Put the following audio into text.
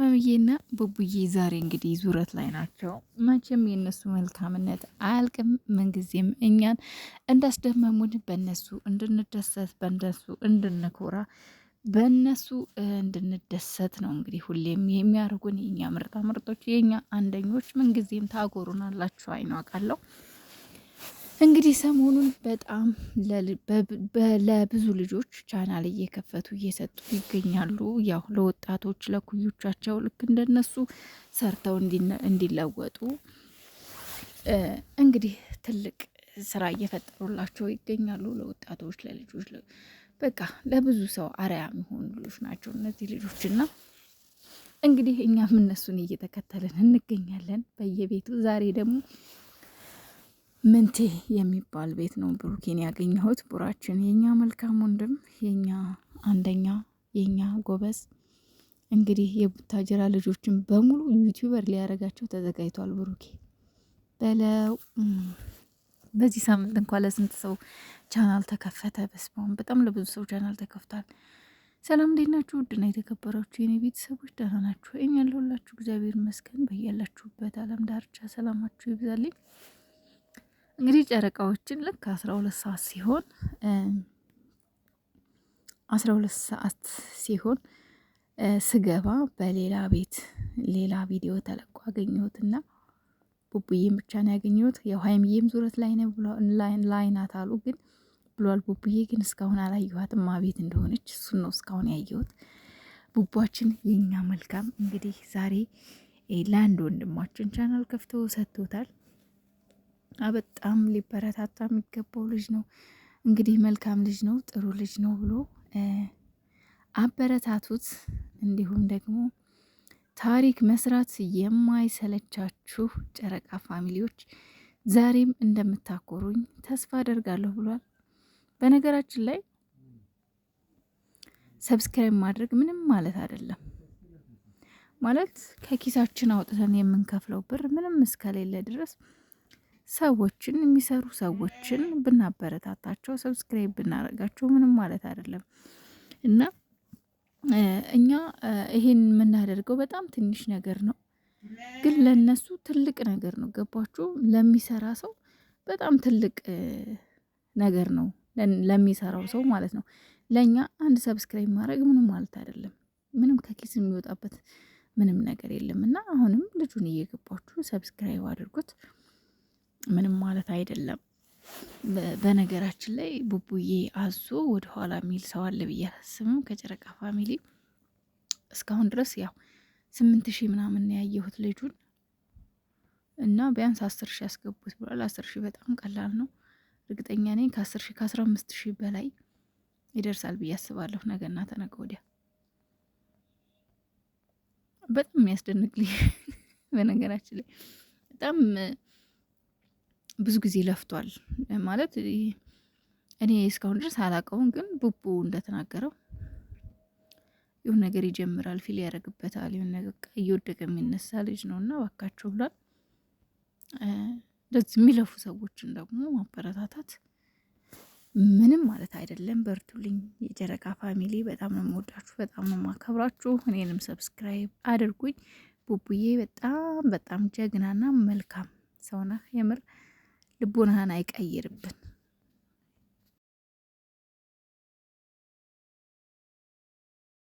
መምዬና ቡቡዬ ዛሬ እንግዲህ ዙረት ላይ ናቸው። መቼም የእነሱ መልካምነት አያልቅም። ምንጊዜም እኛን እንዳስደመሙን በእነሱ እንድንደሰት በእነሱ እንድንኮራ በእነሱ እንድንደሰት ነው እንግዲህ ሁሌም የሚያደርጉን የእኛ ምርጣ ምርጦች የእኛ አንደኞች ምንጊዜም ታጎሩናላችሁ አይኗ እንግዲህ ሰሞኑን በጣም ለብዙ ልጆች ቻናል እየከፈቱ እየሰጡ ይገኛሉ። ያው ለወጣቶች ለኩዮቻቸው ልክ እንደነሱ ሰርተው እንዲለወጡ እንግዲህ ትልቅ ስራ እየፈጠሩላቸው ይገኛሉ። ለወጣቶች ለልጆች፣ በቃ ለብዙ ሰው አርያ የሚሆኑ ልጆች ናቸው እነዚህ ልጆችና እንግዲህ እኛም እነሱን እየተከተልን እንገኛለን በየቤቱ ዛሬ ደግሞ ምንቴ የሚባል ቤት ነው ብሩኬን ያገኘሁት። ቡራችን የኛ መልካም ወንድም፣ የኛ አንደኛ፣ የኛ ጎበዝ። እንግዲህ የቡታጀራ ልጆችን በሙሉ ዩቲዩበር ሊያደርጋቸው ተዘጋጅቷል ብሩኬ በለው። በዚህ ሳምንት እንኳ ለስንት ሰው ቻናል ተከፈተ? በስማም በጣም ለብዙ ሰው ቻናል ተከፍቷል። ሰላም እንዴት ናችሁ? ውድና የተከበራችሁ የኔ ቤተሰቦች ደህና ናችሁ? እኛ ያለሁላችሁ እግዚአብሔር ይመስገን። በያላችሁበት አለም ዳርቻ ሰላማችሁ ይብዛልኝ። እንግዲህ ጨረቃዎችን ልክ አስራ ሁለት ሰዓት ሲሆን አስራ ሁለት ሰዓት ሲሆን ስገባ በሌላ ቤት ሌላ ቪዲዮ ተለቆ አገኘሁትና ቡቡዬም ብቻ ነው ያገኘሁት። ያው ሀይምዬም ዙረት ላይ ናት አሉ ግን ብሏል። ቡቡዬ ግን እስካሁን አላየኋትም አቤት እንደሆነች እሱን ነው እስካሁን ያየሁት። ቡቧችን የኛ መልካም እንግዲህ ዛሬ ለአንድ ወንድማችን ቻናል ከፍቶ ሰጥቶታል። በጣም ሊበረታታ የሚገባው ልጅ ነው። እንግዲህ መልካም ልጅ ነው፣ ጥሩ ልጅ ነው ብሎ አበረታቱት። እንዲሁም ደግሞ ታሪክ መስራት የማይሰለቻችሁ ጨረቃ ፋሚሊዎች ዛሬም እንደምታኮሩኝ ተስፋ አደርጋለሁ ብሏል። በነገራችን ላይ ሰብስክራይብ ማድረግ ምንም ማለት አይደለም። ማለት ከኪሳችን አውጥተን የምንከፍለው ብር ምንም እስከሌለ ድረስ ሰዎችን የሚሰሩ ሰዎችን ብናበረታታቸው ሰብስክራይብ ብናደርጋቸው ምንም ማለት አይደለም እና እኛ ይሄን የምናደርገው በጣም ትንሽ ነገር ነው፣ ግን ለነሱ ትልቅ ነገር ነው። ገባችሁ? ለሚሰራ ሰው በጣም ትልቅ ነገር ነው፣ ለሚሰራው ሰው ማለት ነው። ለእኛ አንድ ሰብስክራይብ ማድረግ ምንም ማለት አይደለም። ምንም ከኪስ የሚወጣበት ምንም ነገር የለም እና አሁንም ልጁን እየገባችሁ ሰብስክራይብ አድርጉት። ምንም ማለት አይደለም። በነገራችን ላይ ቡቡዬ አዞ ወደኋላ የሚል ሰው አለ ብዬ አላስብም። ከጨረቃ ፋሚሊ እስካሁን ድረስ ያው ስምንት ሺህ ምናምን ያየሁት ልጁን እና ቢያንስ አስር ሺህ ያስገቡት ብሏል። አስር ሺህ በጣም ቀላል ነው። እርግጠኛ ነኝ ከአስር ሺህ ከአስራ አምስት ሺህ በላይ ይደርሳል ብዬ አስባለሁ። ነገና ተነገ ወዲያ በጣም የሚያስደንቅ ልጅ በነገራችን ላይ በጣም ብዙ ጊዜ ለፍቷል ማለት እኔ እስካሁን ድረስ አላቀውም፣ ግን ቡቡ እንደተናገረው ይሁን ነገር ይጀምራል፣ ፊል ያደርግበታል፣ ይሁን ነገር እየወደቀ የሚነሳ ልጅ ነው እና ባካቸው ብሏል። እንደዚህ የሚለፉ ሰዎችን ደግሞ ማበረታታት ምንም ማለት አይደለም። በርቱልኝ፣ የጨረቃ ፋሚሊ በጣም ነው የምወዳችሁ፣ በጣም ነው የማከብራችሁ። እኔንም ሰብስክራይብ አድርጉኝ። ቡቡዬ በጣም በጣም ጀግናና መልካም ሰው ነህ የምር ልቦናህን አይቀይርብን።